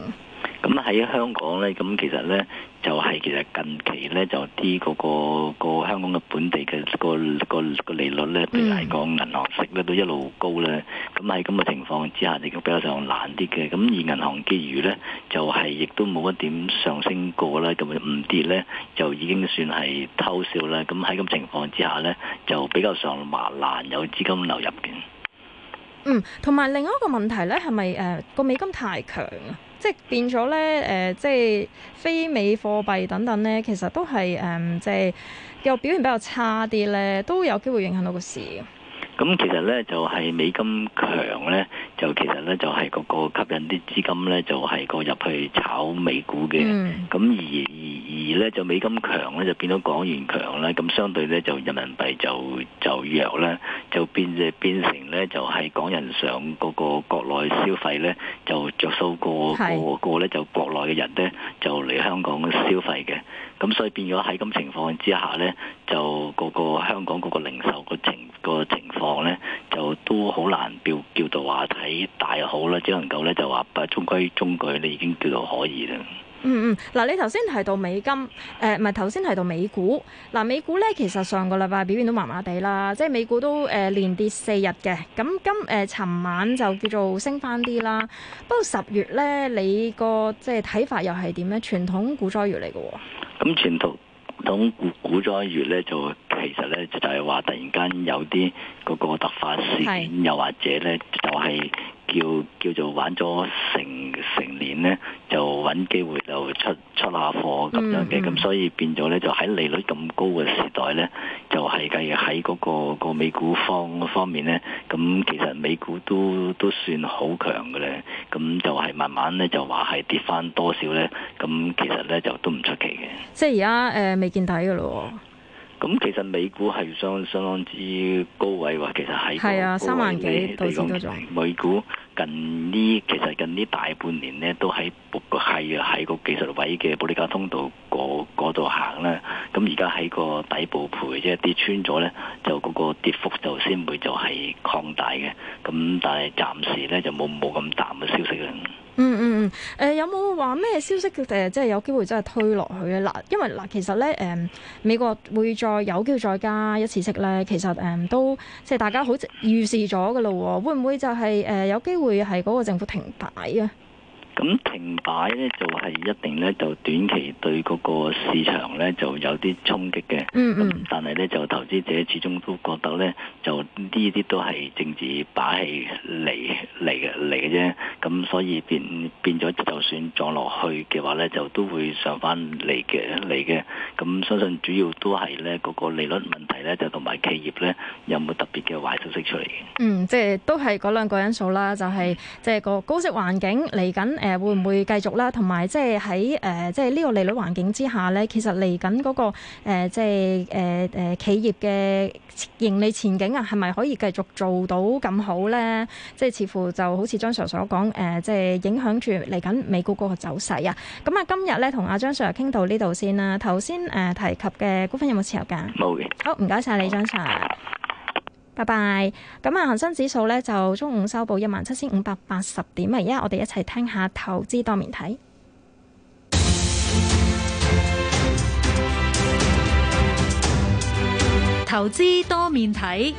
咁喺香港呢，咁其實呢，就係、是、其實近期呢，就啲、是、嗰、那個個香港嘅本地嘅個個個利率呢，都係講銀行息率都一路高呢。咁喺咁嘅情況之下，亦都比較上難啲嘅。咁而銀行結餘呢，就係、是、亦都冇一點上升過啦，咁唔跌呢，就已經算係偷笑啦。咁喺咁情況之下呢，就比較上麻難有資金流入嘅。嗯，同埋另外一個問題咧，係咪誒個美金太強啊？即係變咗咧誒，即係非美貨幣等等咧，其實都係誒、呃，即係又表現比較差啲咧，都有機會影響到個市。咁其實咧就係、是、美金強咧，就其實咧就係、是、嗰個吸引啲資金咧就係、是、個入去炒美股嘅。咁、mm. 而而咧就美金強咧就變到港元強咧，咁相對咧就人民幣就就弱咧，就變變成咧就係、是、港人上嗰個國內消費咧就着數、那個、是個個個咧就國內嘅人咧就嚟香港消費嘅。咁所以變咗喺咁情況之下咧，就個個香港個個零售個情個情況咧，就都好難叫叫做話睇大好啦，只能夠咧就話不中規中矩，你已經叫做可以啦。嗯嗯，嗱、嗯，你頭先提到美金，誒、呃，唔係頭先提到美股，嗱、呃，美股咧其實上個禮拜表現都麻麻地啦，即係美股都誒、呃、連跌四日嘅，咁今誒尋、呃、晚就叫做升翻啲啦。不過十月咧，你個即係睇法又係點咧？傳統股災月嚟嘅喎。咁傳統股股災月咧，就其實咧就係、是、話突然間有啲個個突發事件，又是或者咧就係、是。叫叫做玩咗成成年咧，就揾機會就出出下貨咁樣嘅，咁、mm hmm. 所以變咗咧就喺利率咁高嘅時代咧，就係計喺嗰個個美股方方面咧，咁其實美股都都算好強嘅咧，咁就係慢慢咧就話係跌翻多少咧，咁其實咧就都唔出奇嘅。即係而家誒，未、呃、見睇噶咯。咁、嗯、其實美股係相相當之高位喎，其實喺個高位。啊、到美股近呢，其實近呢大半年咧，都喺個係喺個技術位嘅保力加通道嗰度行啦。咁而家喺個底部徘徊，即係跌穿咗咧，就嗰個跌幅就先會就係擴大嘅。咁但係暫時咧就冇冇咁淡嘅消息啊！嗯嗯嗯，誒、嗯呃、有冇話咩消息嘅誒、呃，即係有機會真係推落去咧？嗱，因為嗱、呃，其實咧誒、嗯，美國會再有機會再加一次息咧，其實誒、嗯、都即係大家好似預示咗嘅咯，會唔會就係、是、誒、呃、有機會係嗰個政府停擺啊？咁停擺咧就係一定咧，就短期對嗰個市場咧就有啲衝擊嘅。嗯嗯。但係咧就投資者始終都覺得咧，就呢啲都係政治把戲嚟嚟嘅嚟嘅啫。咁所以變變咗，就算撞落去嘅話咧，就都會上翻嚟嘅嚟嘅。咁相信主要都係咧嗰個利率問題咧，就同埋企業咧有冇特別嘅壞消息出嚟嘅。嗯，即係都係嗰兩個因素啦，就係即係個高息環境嚟緊。誒會唔會繼續啦？同埋即係喺誒即係呢個利率環境之下咧，其實嚟緊嗰個誒即係誒誒企業嘅盈利前景啊，係咪可以繼續做到咁好咧？即係似乎就好似張 Sir 所講誒，即係影響住嚟緊美股嗰個走勢啊。咁啊，今日咧同阿張 Sir 傾到呢度先啦。頭先誒提及嘅股份有冇持有㗎？冇嘅。好，唔該晒你，張 Sir。拜拜！咁啊，恒生指數呢就中午收報一萬七千五百八十點啊，我哋一齊聽下投資多面睇。投資多面睇，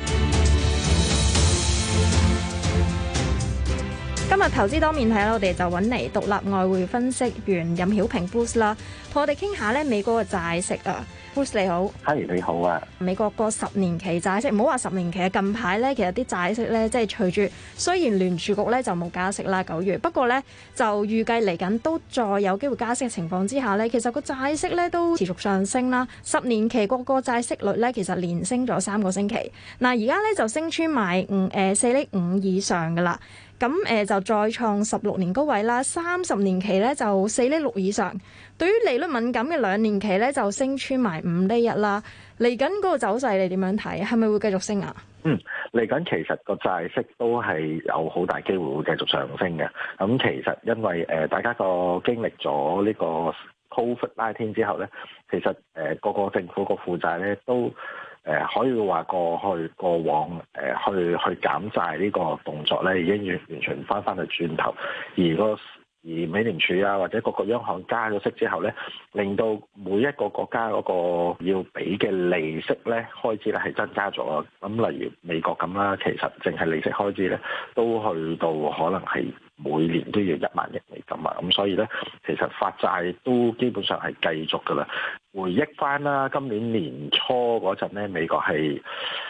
今日投資多面睇呢，我哋就揾嚟獨立外匯分析員任曉平 boost 啦，同我哋傾下呢美國嘅債息啊。Bruce，你好，Hi 你好啊。美國個十年期債息，唔好話十年期啊，近排咧，其實啲債息咧，即係隨住雖然聯儲局咧就冇加息啦，九月，不過咧就預計嚟緊都再有機會加息嘅情況之下咧，其實個債息咧都持續上升啦。十年期個個債息率咧，其實連升咗三個星期，嗱而家咧就升穿埋五誒四厘五以上噶啦。咁誒、呃、就再創十六年高位啦，三十年期咧就四厘六以上，對於利率敏感嘅兩年期咧就升穿埋五厘一啦。嚟緊嗰個走勢你點樣睇？係咪會繼續升啊？嗯，嚟緊其實個債息都係有好大機會會繼續上升嘅。咁、嗯、其實因為誒、呃、大家個經歷咗呢個 COVID-19 之後咧，其實誒個、呃、個政府個負債咧都。誒、呃、可以話過去過往誒、呃、去去減債呢個動作咧，已經完完全翻翻去轉頭，而、嗰個。而美聯儲啊，或者各個央行加咗息之後咧，令到每一個國家嗰個要俾嘅利息咧，開支咧係增加咗。咁例如美國咁啦，其實淨係利息開支咧，都去到可能係每年都要一萬億美金啊。咁所以咧，其實發債都基本上係繼續㗎啦。回憶返啦，今年年初嗰陣咧，美國係誒、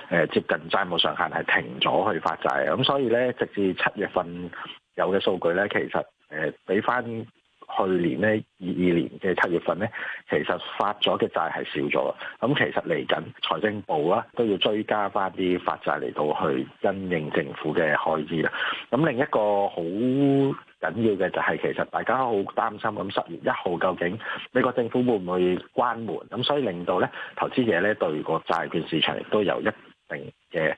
呃、接近債務上限係停咗去發債。咁所以咧，直至七月份有嘅數據咧，其實～誒、呃，比翻去年咧，二二年嘅七月份咧，其實發咗嘅債係少咗咁、嗯、其實嚟緊財政部啦，都要追加翻啲發債嚟到去因應政府嘅開支啦。咁、嗯、另一個好緊要嘅就係、是，其實大家好擔心咁十、嗯、月一號究竟美國政府會唔會關門？咁、嗯、所以令到咧投資者咧對個債券市場亦都有一定嘅。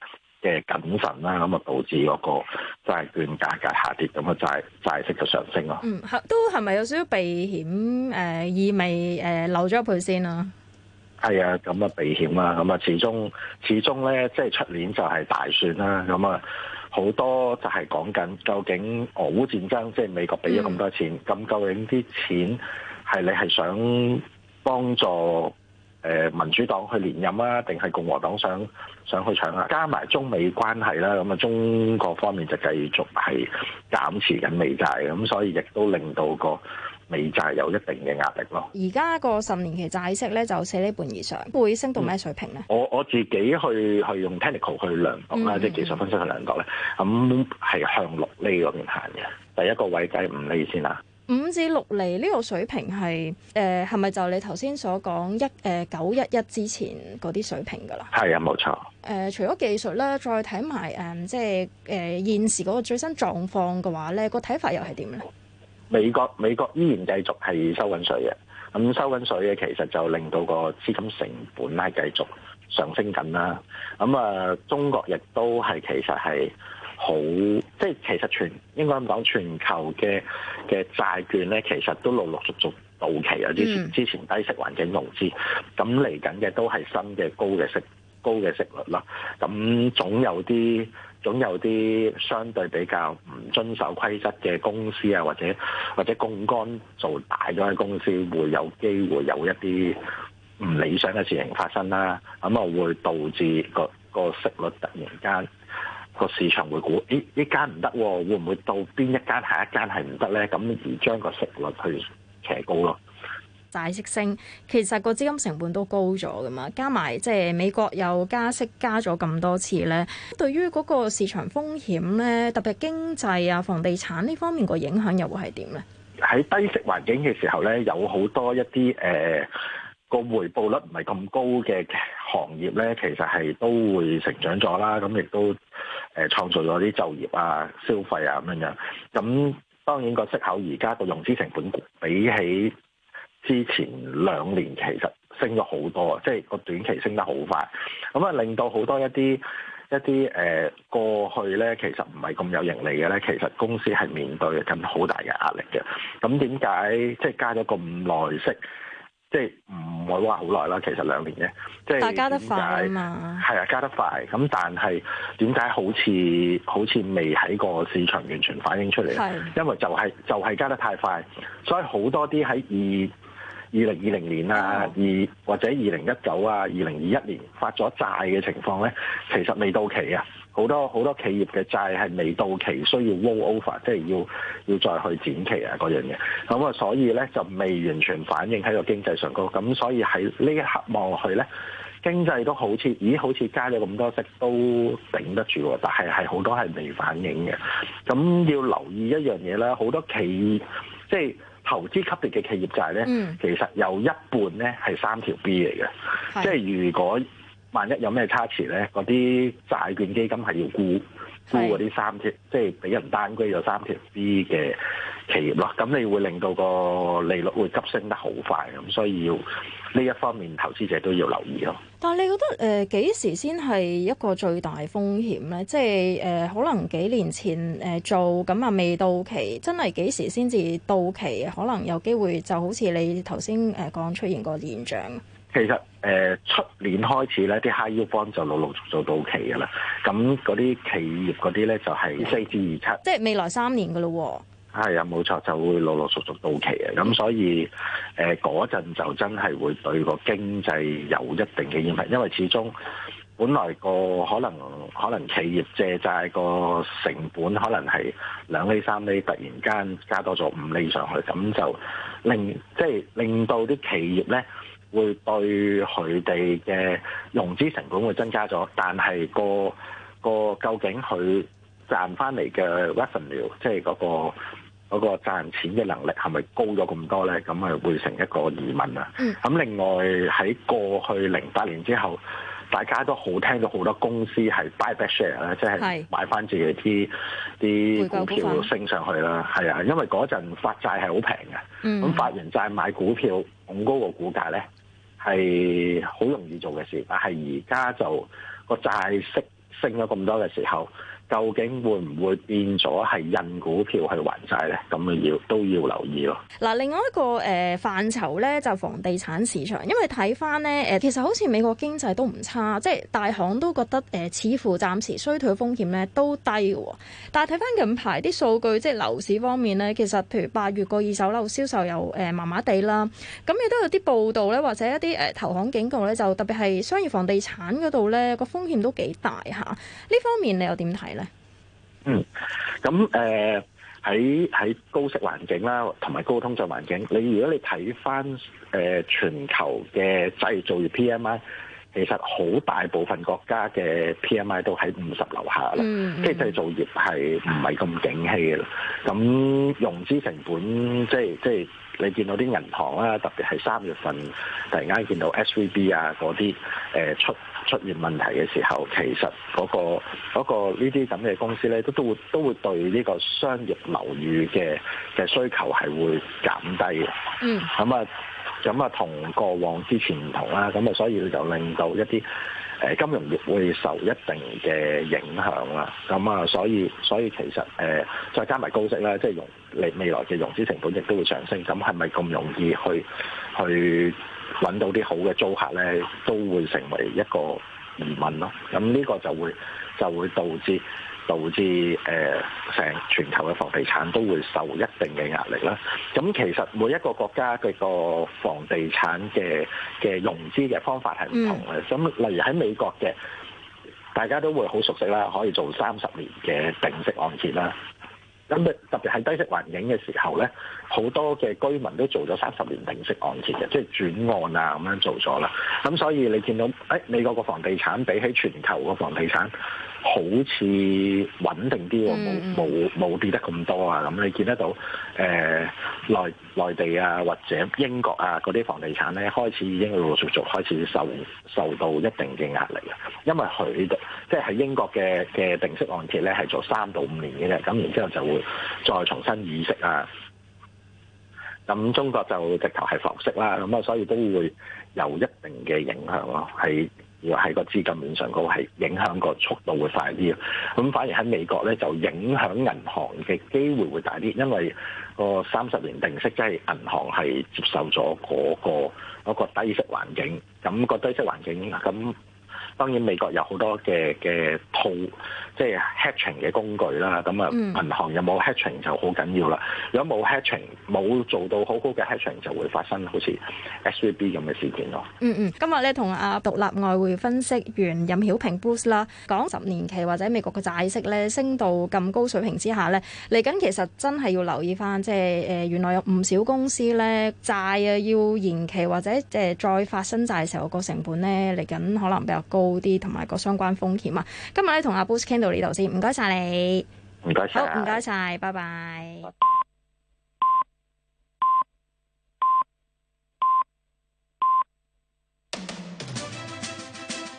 嘅謹慎啦，咁啊導致嗰個債券價格下跌，咁啊債債息就上升咯。嗯，都係咪有少少避險？誒、呃、意味誒留咗一倍先咯。係啊，咁啊避險啦。咁啊，始終始終咧，即係出年就係大選啦。咁啊，好多就係講緊究竟俄烏戰爭，即係美國俾咗咁多錢，咁、嗯、究竟啲錢係你係想幫助誒、呃、民主黨去連任啊，定係共和黨想想去搶啦，加埋中美關係啦，咁啊中國方面就繼續係減持緊美債嘅，咁所以亦都令到個美債有一定嘅壓力咯。而家個十年期債息咧就四厘半以上，會升到咩水平咧、嗯？我我自己去去用 technical 去量度啦，嗯、即係技術分析去量度咧，咁係、嗯嗯、向六厘嗰邊行嘅。第一個位計五厘先啦。五至六厘呢個水平係誒係咪就你頭先所講一誒九一一之前嗰啲水平噶啦？係啊，冇錯。誒、呃，除咗技術咧，再睇埋誒即係誒、呃、現時嗰個最新狀況嘅話咧，個睇法又係點咧？美國美國依然繼續係收緊水嘅，咁、嗯、收緊水嘅其實就令到個資金成本咧繼續上升緊啦。咁、嗯、啊、呃，中國亦都係其實係。好，即係其實全應該咁講，全球嘅嘅債券咧，其實都陸陸續續到期啊！之前、嗯、之前低息環境融資，咁嚟緊嘅都係新嘅高嘅息高嘅息率啦。咁總有啲總有啲相對比較唔遵守規則嘅公司啊，或者或者槓桿做大咗嘅公司，會有機會有一啲唔理想嘅事情發生啦。咁啊，會導致個個息率突然間。個市場會估，依依間唔得、啊，會唔會到邊一間下一間係唔得咧？咁而將個息率去騎高咯。債息升，其實個資金成本都高咗噶嘛，加埋即係美國又加息加咗咁多次咧。對於嗰個市場風險咧，特別經濟啊、房地產呢方面個影響又會係點咧？喺低息環境嘅時候咧，有好多一啲誒個回報率唔係咁高嘅行業咧，其實係都會成長咗啦。咁亦都。誒創造咗啲就業啊、消費啊咁樣，咁當然個息口而家個融資成本比起之前兩年其實升咗好多，啊，即係個短期升得好快，咁啊令到好多一啲一啲誒、呃、過去咧其實唔係咁有盈利嘅咧，其實公司係面對緊好大嘅壓力嘅。咁點解即係加咗咁耐息？即係唔會話好耐啦，其實兩年啫，即係加得快嘛，係啊，加得快。咁但係點解好似好似未喺個市場完全反映出嚟？係，因為就係就係加得太快，所以好多啲喺二二零二零年啊，二、嗯、或者二零一九啊，二零二一年發咗債嘅情況咧，其實未到期啊。好多好多企業嘅債係未到期，需要 rollover，即係要要再去展期啊嗰樣嘢。咁啊，所以咧就未完全反映喺個經濟上高。咁所以喺呢一刻望落去咧，經濟都好似咦好似加咗咁多息都頂得住喎。但係係好多係未反映嘅。咁要留意一樣嘢啦，好多企即係投資級別嘅企業債咧，嗯、其實有一半咧係三條 B 嚟嘅。的即係如果萬一有咩差池咧，嗰啲債券基金係要沽沽嗰啲三條，3, 是即係俾人單居咗三條 B 嘅企業咯。咁你會令到個利率會急升得好快，咁所以要呢一方面投資者都要留意咯。但係你覺得誒幾時先係一個最大風險咧？即係誒可能幾年前誒做咁啊，未到期真係幾時先至到期？可能有機會就好似你頭先誒講出現個現象。其實誒出、呃、年開始咧，啲 high yield bond 就陸陸續續到期噶啦。咁嗰啲企業嗰啲咧就係四至二七，即係未來三年噶咯。係啊、哎，冇錯，就會陸陸續續到期啊。咁所以誒嗰陣就真係會對個經濟有一定嘅影響，因為始終本來個可能可能企業借債個成本可能係兩厘三厘，突然間加多咗五厘上去，咁就令即係令到啲企業咧。會對佢哋嘅融資成本會增加咗，但係個個究竟佢賺翻嚟嘅 revenue，即係嗰、那個嗰、那個賺錢嘅能力係咪高咗咁多咧？咁啊會成一個疑問啊！咁、嗯、另外喺過去零八年之後，大家都好聽到好多公司係 buy back share 咧，即係買翻自己啲啲是股票升上去啦。係啊，因為嗰陣發債係好平嘅，咁、嗯、發完債買股票，咁高個股價咧。係好容易做嘅事，但係而家就個債息升咗咁多嘅時候。究竟會唔會變咗係印股票去還債呢？咁啊要都要留意咯。嗱，另外一個誒、呃、範疇呢就房地產市場，因為睇翻呢，誒，其實好似美國經濟都唔差，即係大行都覺得誒、呃、似乎暫時衰退風險呢都低嘅。但係睇翻近排啲數據，即係樓市方面呢，其實譬如八月個二手樓銷售,銷售又誒麻麻地啦。咁亦都有啲報道呢，或者一啲誒投行警告呢，就特別係商業房地產嗰度呢，個風險都幾大吓。呢方面你又點睇？嗯，咁誒喺喺高息環境啦，同埋高通脹環境，你如果你睇翻誒全球嘅製造業 PMI，其實好大部分國家嘅 PMI 都喺五十樓下啦，即係、嗯嗯、製造業係唔係咁景氣嘅啦。咁融資成本即係即係。你見到啲銀行啊，特別係三月份突然間見到 SVB 啊嗰啲，誒、呃、出出現問題嘅時候，其實嗰、嗰個呢啲咁嘅公司咧，都都會都會對呢個商業樓宇嘅嘅需求係會減低嘅、mm. 嗯。嗯，咁啊，咁啊，同過往之前唔同啦，咁、嗯、啊，所以就令到一啲。誒金融業會受一定嘅影響啦，咁啊，所以所以其實誒、呃、再加埋高息咧，即係融未未來嘅融資成本亦都會上升，咁係咪咁容易去去揾到啲好嘅租客咧，都會成為一個疑問咯。咁呢個就會就會導致。導致誒成全球嘅房地產都會受一定嘅壓力啦。咁其實每一個國家佢個房地產嘅嘅融資嘅方法係唔同嘅。咁例如喺美國嘅，大家都會好熟悉啦，可以做三十年嘅定息按揭啦。咁特別係低息環境嘅時候咧。好多嘅居民都做咗三十年定息按揭嘅，即係轉按啊咁樣做咗啦。咁所以你見到誒、哎、美國個房地產比起全球個房地產好似穩定啲，冇冇跌得咁多啊。咁你見得到誒、呃、內內地啊，或者英國啊嗰啲房地產咧，開始已經陸陸續續開始受受到一定嘅壓力啊。因為佢哋即係喺英國嘅嘅定息按揭咧係做三到五年嘅啫，咁然之後就會再重新議息啊。咁中國就直頭係浮息啦，咁啊所以都會有一定嘅影響咯，係要喺個資金面上嗰個係影響個速度會快啲。咁反而喺美國咧就影響銀行嘅機會會大啲，因為個三十年定息即係、就是、銀行係接受咗嗰個低息環境，咁個低息環境咁。當然美國有好多嘅嘅套，即係 hatching 嘅工具啦。咁啊，銀行有冇 hatching 就好緊要啦。如果冇 hatching，冇做到好好嘅 hatching，就會發生好似 SVB 咁嘅事件咯。嗯嗯，今日咧同啊獨立外匯分析員任曉平 Bruce 啦，講十年期或者美國嘅債息咧升到咁高水平之下咧，嚟緊其實真係要留意翻，即係誒原來有唔少公司咧債啊要延期或者誒再發生債嘅時候個成本咧嚟緊可能比較高。高啲，同埋個相關風險啊！今日咧，同阿 Bruce 傾到呢度先，唔該晒你，唔該晒，好唔該晒，拜拜。